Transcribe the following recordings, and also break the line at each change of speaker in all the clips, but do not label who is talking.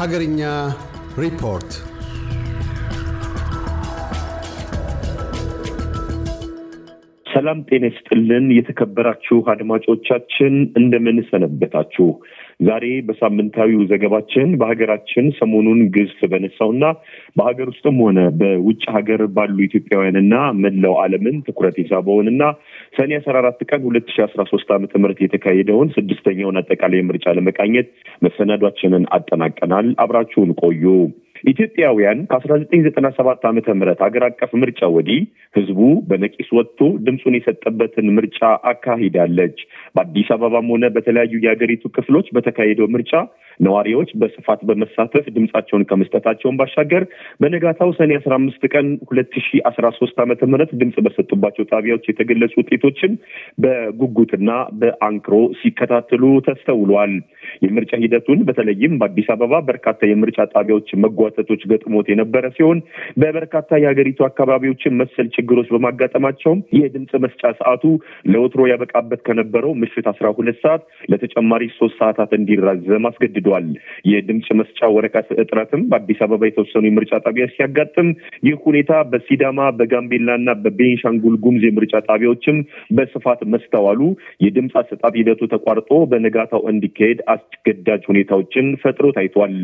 Hagarinya report. ሰላም ጤና ይስጥልን የተከበራችሁ አድማጮቻችን እንደምን ሰነበታችሁ? ዛሬ በሳምንታዊው ዘገባችን በሀገራችን ሰሞኑን ግዝፍ በነሳውና በሀገር ውስጥም ሆነ በውጭ ሀገር ባሉ ኢትዮጵያውያንና መላው ዓለምን ትኩረት የሳበውንና ሰኔ አስራ አራት ቀን ሁለት ሺ አስራ ሶስት ዓመተ ምህረት የተካሄደውን ስድስተኛውን አጠቃላይ ምርጫ ለመቃኘት መሰናዷችንን አጠናቀናል። አብራችሁን ቆዩ። ኢትዮጵያውያን ከ1997 ዓ ም ሀገር አቀፍ ምርጫ ወዲህ ህዝቡ በነቂስ ወጥቶ ድምፁን የሰጠበትን ምርጫ አካሂዳለች። በአዲስ አበባም ሆነ በተለያዩ የሀገሪቱ ክፍሎች በተካሄደው ምርጫ ነዋሪዎች በስፋት በመሳተፍ ድምፃቸውን ከመስጠታቸውን ባሻገር በነጋታው ሰኔ አስራ አምስት ቀን ሁለት ሺ አስራ ሶስት ዓመተ ምህረት ድምፅ በሰጡባቸው ጣቢያዎች የተገለጹ ውጤቶችን በጉጉትና በአንክሮ ሲከታተሉ ተስተውሏል። የምርጫ ሂደቱን በተለይም በአዲስ አበባ በርካታ የምርጫ ጣቢያዎች መጓተቶች ገጥሞት የነበረ ሲሆን በበርካታ የሀገሪቱ አካባቢዎችን መሰል ችግሮች በማጋጠማቸውም የድምፅ መስጫ ሰዓቱ ለወትሮ ያበቃበት ከነበረው ምሽት አስራ ሁለት ሰዓት ለተጨማሪ ሶስት ሰዓታት እንዲራዘም አስገድዷል። የድምፅ መስጫ ወረቀት እጥረትም በአዲስ አበባ የተወሰኑ የምርጫ ጣቢያ ሲያጋጥም ይህ ሁኔታ በሲዳማ በጋምቤላ እና በቤንሻንጉል ጉምዝ የምርጫ ጣቢያዎችም በስፋት መስተዋሉ የድምፅ አሰጣጥ ሂደቱ ተቋርጦ በነጋታው እንዲካሄድ አስገዳጅ ሁኔታዎችን ፈጥሮ ታይቷል።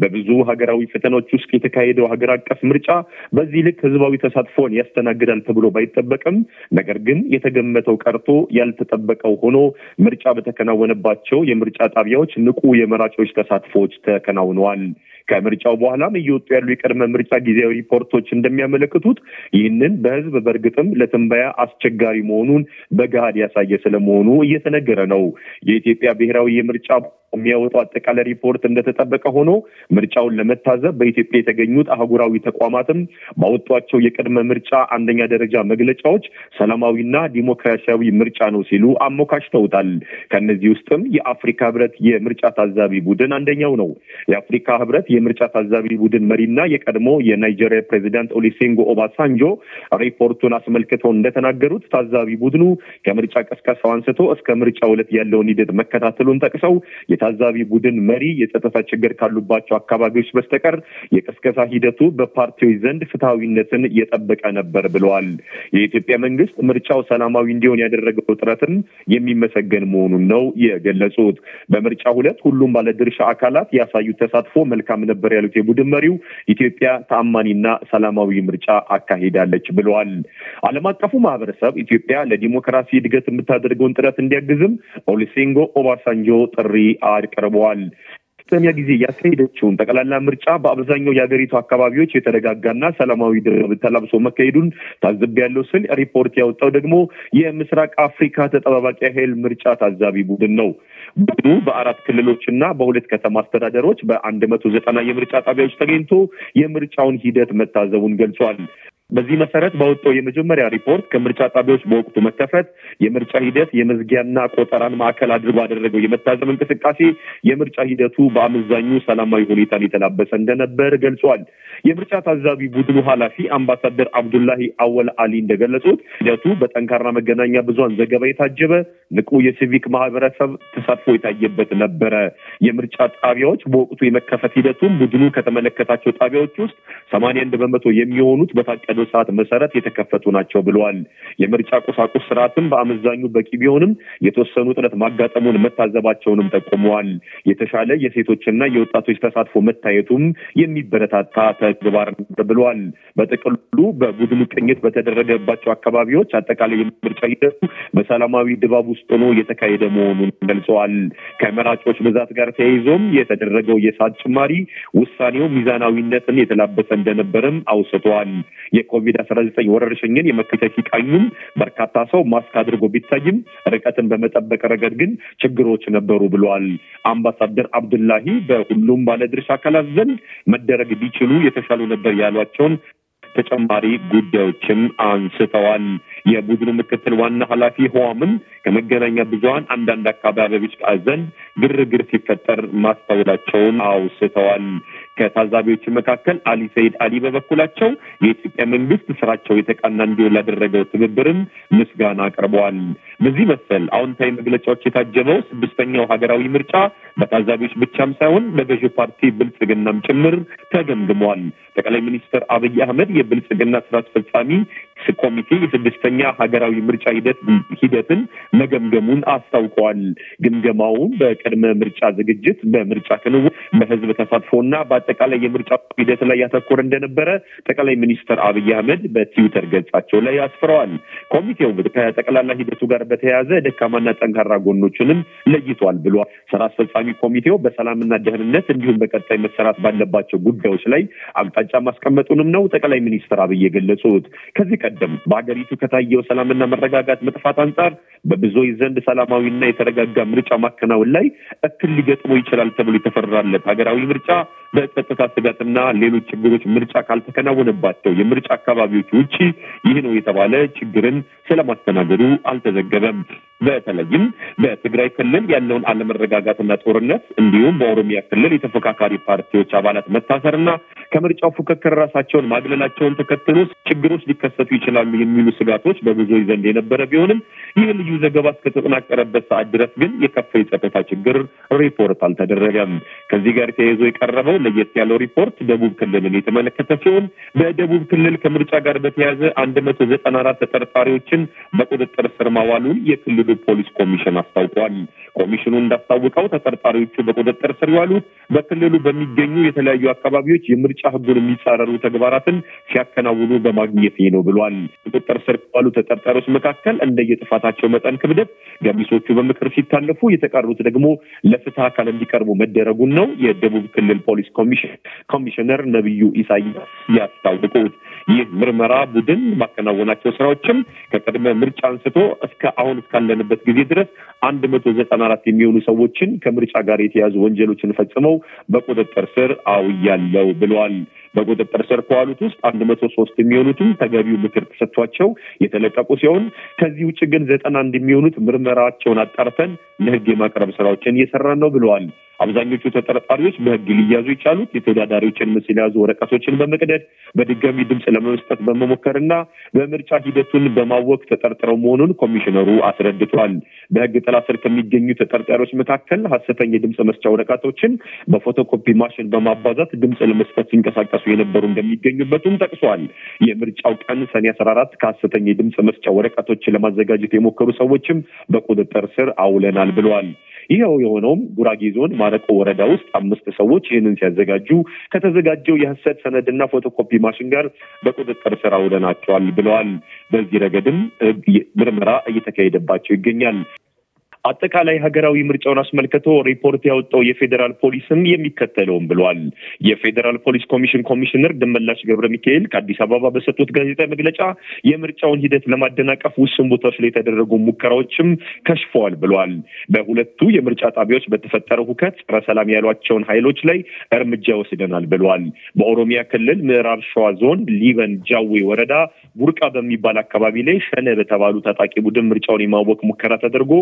በብዙ ሀገራዊ ፈተናዎች ውስጥ የተካሄደው ሀገር አቀፍ ምርጫ በዚህ ልክ ህዝባዊ ተሳትፎን ያስተናግዳል ተብሎ ባይጠበቅም፣ ነገር ግን የተገመተው ቀርቶ ያልተጠበቀው ሆኖ ምርጫ በተከናወነባቸው የምርጫ ጣቢያዎች ንቁ የመራጮች ተሳትፎዎች ተከናውነዋል። ከምርጫው በኋላም እየወጡ ያሉ የቅድመ ምርጫ ጊዜያዊ ሪፖርቶች እንደሚያመለክቱት ይህንን በህዝብ በእርግጥም ለትንበያ አስቸጋሪ መሆኑን በገሃድ ያሳየ ስለመሆኑ እየተነገረ ነው። የኢትዮጵያ ብሔራዊ የምርጫ የሚያወጣው አጠቃላይ ሪፖርት እንደተጠበቀ ሆኖ ምርጫውን ለመታዘብ በኢትዮጵያ የተገኙት አህጉራዊ ተቋማትም ባወጧቸው የቅድመ ምርጫ አንደኛ ደረጃ መግለጫዎች ሰላማዊና ዲሞክራሲያዊ ምርጫ ነው ሲሉ አሞካሽተውታል። ከእነዚህ ውስጥም የአፍሪካ ህብረት የምርጫ ታዛቢ ቡድን አንደኛው ነው። የአፍሪካ ህብረት የምርጫ ታዛቢ ቡድን መሪና የቀድሞ የናይጄሪያ ፕሬዚዳንት ኦሊሴንጎ ኦባሳንጆ ሪፖርቱን አስመልክተው እንደተናገሩት ታዛቢ ቡድኑ ከምርጫ ቀስቀሳው አንስቶ እስከ ምርጫ ዕለት ያለውን ሂደት መከታተሉን ጠቅሰው የታዛቢ ቡድን መሪ የጸጥታ ችግር ካሉባቸው አካባቢዎች በስተቀር የቀስቀሳ ሂደቱ በፓርቲዎች ዘንድ ፍትሐዊነትን የጠበቀ ነበር ብለዋል። የኢትዮጵያ መንግስት ምርጫው ሰላማዊ እንዲሆን ያደረገው ጥረትም የሚመሰገን መሆኑን ነው የገለጹት። በምርጫ ሁለት ሁሉም ባለድርሻ አካላት ያሳዩት ተሳትፎ መልካም ነበር ያሉት የቡድን መሪው ኢትዮጵያ ተአማኒና ሰላማዊ ምርጫ አካሂዳለች ብለዋል። ዓለም አቀፉ ማህበረሰብ ኢትዮጵያ ለዲሞክራሲ እድገት የምታደርገውን ጥረት እንዲያግዝም ኦሊሴንጎ ኦባሳንጆ ጥሪ በመአድ ቀርበዋል። ሶስተኛ ጊዜ ያካሄደችውን ጠቅላላ ምርጫ በአብዛኛው የሀገሪቱ አካባቢዎች የተረጋጋና ሰላማዊ ድርብ ተላብሶ መካሄዱን ታዝብ ያለው ስል ሪፖርት ያወጣው ደግሞ የምስራቅ አፍሪካ ተጠባባቂ ኃይል ምርጫ ታዛቢ ቡድን ነው። ቡድኑ በአራት ክልሎችና በሁለት ከተማ አስተዳደሮች በአንድ መቶ ዘጠና የምርጫ ጣቢያዎች ተገኝቶ የምርጫውን ሂደት መታዘቡን ገልጿል። በዚህ መሰረት ባወጣው የመጀመሪያ ሪፖርት ከምርጫ ጣቢያዎች በወቅቱ መከፈት፣ የምርጫ ሂደት የመዝጊያና ቆጠራን ማዕከል አድርጎ አደረገው የመታዘብ እንቅስቃሴ የምርጫ ሂደቱ በአመዛኙ ሰላማዊ ሁኔታን የተላበሰ እንደነበር ገልጿል። የምርጫ ታዛቢ ቡድኑ ኃላፊ አምባሳደር አብዱላሂ አወል አሊ እንደገለጹት ሂደቱ በጠንካራ መገናኛ ብዙሃን ዘገባ የታጀበ ንቁ የሲቪክ ማህበረሰብ ተሳትፎ የታየበት ነበረ። የምርጫ ጣቢያዎች በወቅቱ የመከፈት ሂደቱን ቡድኑ ከተመለከታቸው ጣቢያዎች ውስጥ ሰማንያ አንድ በመቶ የሚሆኑት በታቀደ በፈቀደው ሰዓት መሰረት የተከፈቱ ናቸው ብለዋል። የምርጫ ቁሳቁስ ስርዓትም በአመዛኙ በቂ ቢሆንም የተወሰኑ ጥረት ማጋጠሙን መታዘባቸውንም ጠቁመዋል። የተሻለ የሴቶችና የወጣቶች ተሳትፎ መታየቱም የሚበረታታ ተግባር ብለዋል። በጥቅሉ በቡድኑ ቅኝት በተደረገባቸው አካባቢዎች አጠቃላይ የምርጫ ሂደቱ በሰላማዊ ድባብ ውስጥ ሆኖ የተካሄደ መሆኑን ገልጸዋል። ከመራጮች ብዛት ጋር ተያይዞም የተደረገው የሰዓት ጭማሪ ውሳኔው ሚዛናዊነትን የተላበሰ እንደነበረም አውስተዋል። የኮቪድ አስራ ዘጠኝ ወረርሽኝን የመከታ ሲቃኙም በርካታ ሰው ማስክ አድርጎ ቢታይም ርቀትን በመጠበቅ ረገድ ግን ችግሮች ነበሩ ብለዋል። አምባሳደር አብዱላሂ በሁሉም ባለድርሻ አካላት ዘንድ መደረግ ቢችሉ የተሻሉ ነበር ያሏቸውን ተጨማሪ ጉዳዮችም አንስተዋል። የቡድኑ ምክትል ዋና ሀላፊ ህዋምን ከመገናኛ ብዙሀን አንዳንድ አካባቢዎች ዘንድ ግርግር ሲፈጠር ማስታወላቸውን አውስተዋል። ከታዛቢዎች መካከል አሊ ሰይድ አሊ በበኩላቸው የኢትዮጵያ መንግስት ስራቸው የተቃና እንዲሆን ላደረገው ትብብርም ምስጋና አቅርበዋል። በዚህ መሰል አዎንታዊ መግለጫዎች የታጀበው ስድስተኛው ሀገራዊ ምርጫ በታዛቢዎች ብቻም ሳይሆን በገዢ ፓርቲ ብልጽግናም ጭምር ተገምግሟል። ጠቅላይ ሚኒስትር አብይ አህመድ የብልጽግና ስራ አስፈጻሚ ኮሚቴ የስድስተኛ ሀገራዊ ምርጫ ሂደት ሂደትን መገምገሙን አስታውቀዋል። ግምገማውን በቅድመ ምርጫ ዝግጅት፣ በምርጫ ክንውን፣ በህዝብ ተሳትፎና በአጠቃላይ የምርጫ ሂደት ላይ ያተኮረ እንደነበረ ጠቅላይ ሚኒስትር አብይ አህመድ በትዊተር ገጻቸው ላይ አስፍረዋል። ኮሚቴው ከጠቅላላ ሂደቱ ጋር በተያያዘ ደካማና ጠንካራ ጎኖችንም ለይቷል ብሏል። ስራ አስፈጻሚ ኮሚቴው በሰላምና ደህንነት እንዲሁም በቀጣይ መሰራት ባለባቸው ጉዳዮች ላይ አቅጣጫ ማስቀመጡንም ነው ጠቅላይ ሚኒስትር አብይ የገለጹት ከዚህ ቀደም በሀገሪቱ ከታየው ሰላምና መረጋጋት መጥፋት አንጻር በብዙዎች ዘንድ ሰላማዊና የተረጋጋ ምርጫ ማከናወን ላይ እክል ሊገጥሞ ይችላል ተብሎ የተፈራለት ሀገራዊ ምርጫ በጸጥታ ስጋትና ሌሎች ችግሮች ምርጫ ካልተከናወነባቸው የምርጫ አካባቢዎች ውጭ ይህ ነው የተባለ ችግርን ስለማስተናገዱ አልተዘገበም። በተለይም በትግራይ ክልል ያለውን አለመረጋጋትና ጦርነት እንዲሁም በኦሮሚያ ክልል የተፎካካሪ ፓርቲዎች አባላት መታሰርና ከምርጫው ፉክክር ራሳቸውን ማግለላቸውን ተከትሎ ችግሮች ሊከሰቱ ይችላሉ የሚሉ ስጋቶች በብዙዎች ዘንድ የነበረ ቢሆንም ይህ ልዩ ዘገባ እስከተጠናቀረበት ሰዓት ድረስ ግን የከፋ የጸጥታ ችግር ሪፖርት አልተደረገም። ከዚህ ጋር ተያይዞ የቀረበው ለየት ያለው ሪፖርት ደቡብ ክልልን የተመለከተ ሲሆን በደቡብ ክልል ከምርጫ ጋር በተያያዘ አንድ መቶ ዘጠና አራት ተጠርጣሪዎችን በቁጥጥር ስር ማዋሉን የክልሉ ፖሊስ ኮሚሽን አስታውቋል። ኮሚሽኑ እንዳስታውቀው ተጠርጣሪዎቹ በቁጥጥር ስር የዋሉት በክልሉ በሚገኙ የተለያዩ አካባቢዎች የምርጫ ሕጉን የሚጻረሩ ተግባራትን ሲያከናውኑ በማግኘት ነው ብሏል። ቁጥጥር ስር ከዋሉ ተጠርጣሪዎች መካከል እንደየጥፋታቸው መጠን ክብደት ገሚሶቹ በምክር ሲታለፉ የተቀሩት ደግሞ ለፍትህ አካል እንዲቀርቡ መደረጉን ነው የደቡብ ክልል ፖሊስ ኮሚሽነር ነቢዩ ኢሳያስ ያስታወቁት። ይህ ምርመራ ቡድን ማከናወናቸው ስራዎችም ከቅድመ ምርጫ አንስቶ እስከ አሁን እስካለንበት ጊዜ ድረስ አንድ መቶ ዘጠና አራት የሚሆኑ ሰዎችን ከምርጫ ጋር የተያዙ ወንጀሎችን ፈጽመው በቁጥጥር ስር አውያለው ብለዋል። በቁጥጥር ስር ከዋሉት ውስጥ አንድ መቶ ሶስት የሚሆኑትም ተገቢው ምክር ተሰጥቷቸው የተለቀቁ ሲሆን ከዚህ ውጭ ግን ዘጠና አንድ የሚሆኑት ምርመራቸውን አጣርተን ለህግ የማቅረብ ስራዎችን እየሰራን ነው ብለዋል። አብዛኞቹ ተጠርጣሪዎች በህግ ሊያዙ የቻሉት የተዳዳሪዎችን ምስል የያዙ ወረቀቶችን በመቅደድ በድጋሚ ድምፅ ለመስጠት በመሞከርና በምርጫ ሂደቱን በማወቅ ተጠርጥረው መሆኑን ኮሚሽነሩ አስረድቷል። በህግ ጥላ ስር ከሚገኙ ተጠርጣሪዎች መካከል ሀሰተኛ የድምፅ መስጫ ወረቀቶችን በፎቶኮፒ ማሽን በማባዛት ድምፅ ለመስጠት ሲንቀሳቀሱ የነበሩ እንደሚገኙበትም ጠቅሷል። የምርጫው ቀን ሰኔ አስራ አራት ከሀሰተኛ የድምፅ መስጫ ወረቀቶችን ለማዘጋጀት የሞከሩ ሰዎችም በቁጥጥር ስር አውለናል ብለዋል። ይኸው የሆነውም ጉራጌ ዞን ማረቆ ወረዳ ውስጥ አምስት ሰዎች ይህንን ሲያዘጋጁ ከተዘጋጀው የህሰት ሰነድና ፎቶኮፒ ማሽን ጋር በቁጥጥር ስር አውለናቸዋል ብለዋል። በዚህ ረገድም ምርመራ እየተካሄደባቸው ይገኛል። አጠቃላይ ሀገራዊ ምርጫውን አስመልክቶ ሪፖርት ያወጣው የፌዴራል ፖሊስም የሚከተለውም ብሏል። የፌዴራል ፖሊስ ኮሚሽን ኮሚሽነር ደመላሽ ገብረ ሚካኤል ከአዲስ አበባ በሰጡት ጋዜጣዊ መግለጫ የምርጫውን ሂደት ለማደናቀፍ ውስን ቦታዎች ላይ የተደረጉ ሙከራዎችም ከሽፈዋል ብሏል። በሁለቱ የምርጫ ጣቢያዎች በተፈጠረው ሁከት ጸረ ሰላም ያሏቸውን ኃይሎች ላይ እርምጃ ወስደናል ብሏል። በኦሮሚያ ክልል ምዕራብ ሸዋ ዞን ሊበን ጃዌ ወረዳ ቡርቃ በሚባል አካባቢ ላይ ሸነ በተባሉ ታጣቂ ቡድን ምርጫውን የማወቅ ሙከራ ተደርጎ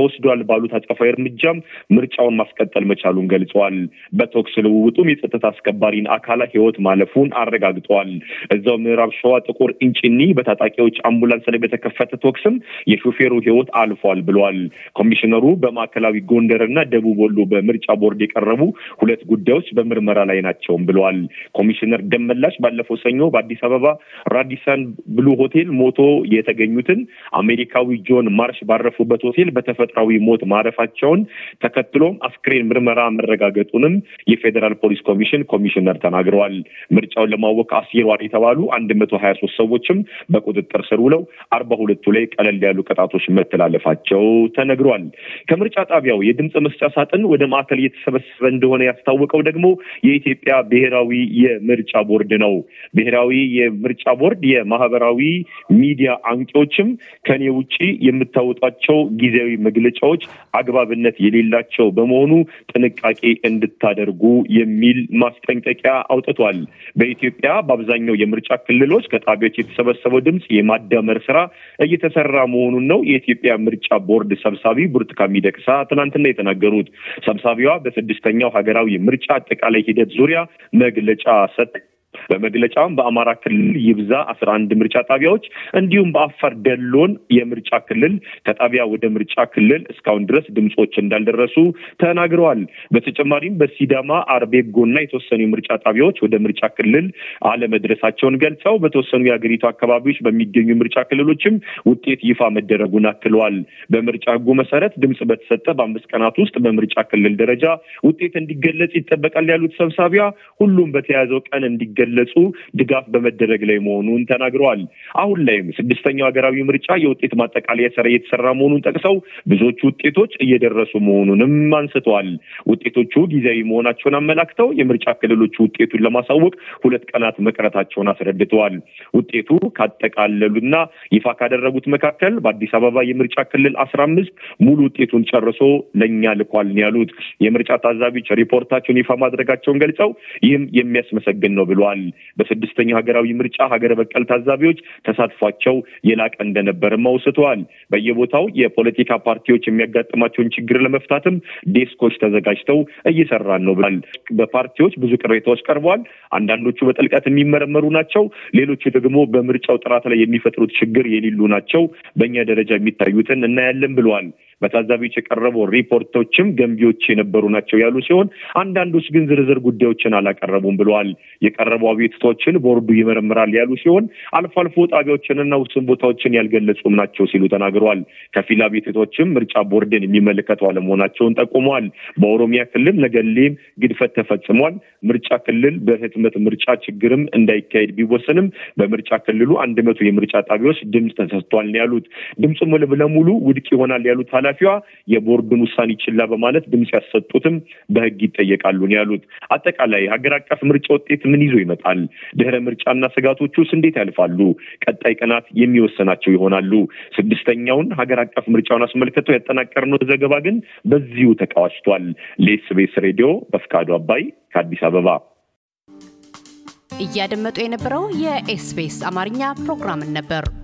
ተወስዷል ባሉት አጸፋዊ እርምጃም ምርጫውን ማስቀጠል መቻሉን ገልጸዋል። በተኩስ ልውውጡም የጸጥታ አስከባሪን አካላት ሕይወት ማለፉን አረጋግጠዋል። እዛው ምዕራብ ሸዋ ጥቁር እንጭኒ በታጣቂዎች አምቡላንስ ላይ በተከፈተ ተኩስም የሾፌሩ ሕይወት አልፏል ብለዋል። ኮሚሽነሩ በማዕከላዊ ጎንደር እና ደቡብ ወሎ በምርጫ ቦርድ የቀረቡ ሁለት ጉዳዮች በምርመራ ላይ ናቸውም ብለዋል። ኮሚሽነር ደመላሽ ባለፈው ሰኞ በአዲስ አበባ ራዲሰን ብሉ ሆቴል ሞቶ የተገኙትን አሜሪካዊ ጆን ማርሽ ባረፉበት ሆቴል በተፈ ተፈጥሯዊ ሞት ማረፋቸውን ተከትሎም አስክሬን ምርመራ መረጋገጡንም የፌዴራል ፖሊስ ኮሚሽን ኮሚሽነር ተናግረዋል። ምርጫውን ለማወቅ አሲሯል የተባሉ አንድ መቶ ሀያ ሶስት ሰዎችም በቁጥጥር ስር ውለው አርባ ሁለቱ ላይ ቀለል ያሉ ቅጣቶች መተላለፋቸው ተነግሯል። ከምርጫ ጣቢያው የድምፅ መስጫ ሳጥን ወደ ማዕከል እየተሰበሰበ እንደሆነ ያስታወቀው ደግሞ የኢትዮጵያ ብሔራዊ የምርጫ ቦርድ ነው። ብሔራዊ የምርጫ ቦርድ የማህበራዊ ሚዲያ አንቂዎችም ከኔ ውጭ የምታወጧቸው ጊዜያዊ ምግብ መግለጫዎች አግባብነት የሌላቸው በመሆኑ ጥንቃቄ እንድታደርጉ የሚል ማስጠንቀቂያ አውጥቷል። በኢትዮጵያ በአብዛኛው የምርጫ ክልሎች ከጣቢያዎች የተሰበሰበው ድምፅ የማዳመር ስራ እየተሰራ መሆኑን ነው የኢትዮጵያ ምርጫ ቦርድ ሰብሳቢ ብርቱካን ሚደቅሳ ትናንትና የተናገሩት። ሰብሳቢዋ በስድስተኛው ሀገራዊ ምርጫ አጠቃላይ ሂደት ዙሪያ መግለጫ ሰጥ በመግለጫውም በአማራ ክልል ይብዛ አስራ አንድ ምርጫ ጣቢያዎች እንዲሁም በአፋር ደሎን የምርጫ ክልል ከጣቢያ ወደ ምርጫ ክልል እስካሁን ድረስ ድምፆች እንዳልደረሱ ተናግረዋል። በተጨማሪም በሲዳማ አርቤጎና የተወሰኑ ምርጫ ጣቢያዎች ወደ ምርጫ ክልል አለመድረሳቸውን ገልጸው በተወሰኑ የሀገሪቱ አካባቢዎች በሚገኙ ምርጫ ክልሎችም ውጤት ይፋ መደረጉን አክለዋል። በምርጫ ህጉ መሰረት ድምፅ በተሰጠ በአምስት ቀናት ውስጥ በምርጫ ክልል ደረጃ ውጤት እንዲገለጽ ይጠበቃል ያሉት ሰብሳቢያ ሁሉም በተያዘው ቀን እንዲገለ እየገለጹ ድጋፍ በመደረግ ላይ መሆኑን ተናግረዋል። አሁን ላይም ስድስተኛው ሀገራዊ ምርጫ የውጤት ማጠቃለያ ስራ እየተሰራ መሆኑን ጠቅሰው ብዙዎቹ ውጤቶች እየደረሱ መሆኑንም አንስተዋል። ውጤቶቹ ጊዜያዊ መሆናቸውን አመላክተው የምርጫ ክልሎቹ ውጤቱን ለማሳወቅ ሁለት ቀናት መቅረታቸውን አስረድተዋል። ውጤቱ ካጠቃለሉና ይፋ ካደረጉት መካከል በአዲስ አበባ የምርጫ ክልል አስራ አምስት ሙሉ ውጤቱን ጨርሶ ለእኛ ልኳል ያሉት የምርጫ ታዛቢዎች ሪፖርታቸውን ይፋ ማድረጋቸውን ገልጸው ይህም የሚያስመሰግን ነው ብለዋል። ተገኝተዋል። በስድስተኛው ሀገራዊ ምርጫ ሀገረ በቀል ታዛቢዎች ተሳትፏቸው የላቀ እንደነበርም አውስተዋል። በየቦታው የፖለቲካ ፓርቲዎች የሚያጋጥማቸውን ችግር ለመፍታትም ዴስኮች ተዘጋጅተው እየሰራን ነው ብሏል። በፓርቲዎች ብዙ ቅሬታዎች ቀርበዋል። አንዳንዶቹ በጥልቀት የሚመረመሩ ናቸው፣ ሌሎቹ ደግሞ በምርጫው ጥራት ላይ የሚፈጥሩት ችግር የሌሉ ናቸው። በእኛ ደረጃ የሚታዩትን እናያለን ብለዋል። በታዛቢዎች የቀረቡ ሪፖርቶችም ገንቢዎች የነበሩ ናቸው ያሉ ሲሆን አንዳንዶች ግን ዝርዝር ጉዳዮችን አላቀረቡም ብለዋል። የቀረቡ አቤቱታዎችን ቦርዱ ይመረምራል ያሉ ሲሆን አልፎ አልፎ ጣቢያዎችንና ውስን ቦታዎችን ያልገለጹም ናቸው ሲሉ ተናግረዋል። ከፊል አቤቱታዎችም ምርጫ ቦርድን የሚመለከቱ አለመሆናቸውን ጠቁመዋል። በኦሮሚያ ክልል ነገሌም ግድፈት ተፈጽሟል። ምርጫ ክልል በህትመት ምርጫ ችግርም እንዳይካሄድ ቢወሰንም በምርጫ ክልሉ አንድ መቶ የምርጫ ጣቢያዎች ድምፅ ተሰጥቷል ያሉት ድምፁ ሙሉ ውድቅ ይሆናል ያሉት ኃላፊዋ የቦርዱን ውሳኔ ችላ በማለት ድምፅ ያሰጡትም በህግ ይጠየቃሉ ነው ያሉት። አጠቃላይ ሀገር አቀፍ ምርጫ ውጤት ምን ይዞ ይመጣል? ድህረ ምርጫና ስጋቶቹ ውስጥ እንዴት ያልፋሉ? ቀጣይ ቀናት የሚወሰናቸው ይሆናሉ። ስድስተኛውን ሀገር አቀፍ ምርጫውን አስመልክቶ ያጠናቀርነው ዘገባ ግን በዚሁ ተቃዋጭቷል። ለኤስቢኤስ ሬዲዮ በፍቃዱ አባይ ከአዲስ አበባ። እያደመጡ የነበረው የኤስቢኤስ አማርኛ ፕሮግራምን ነበር።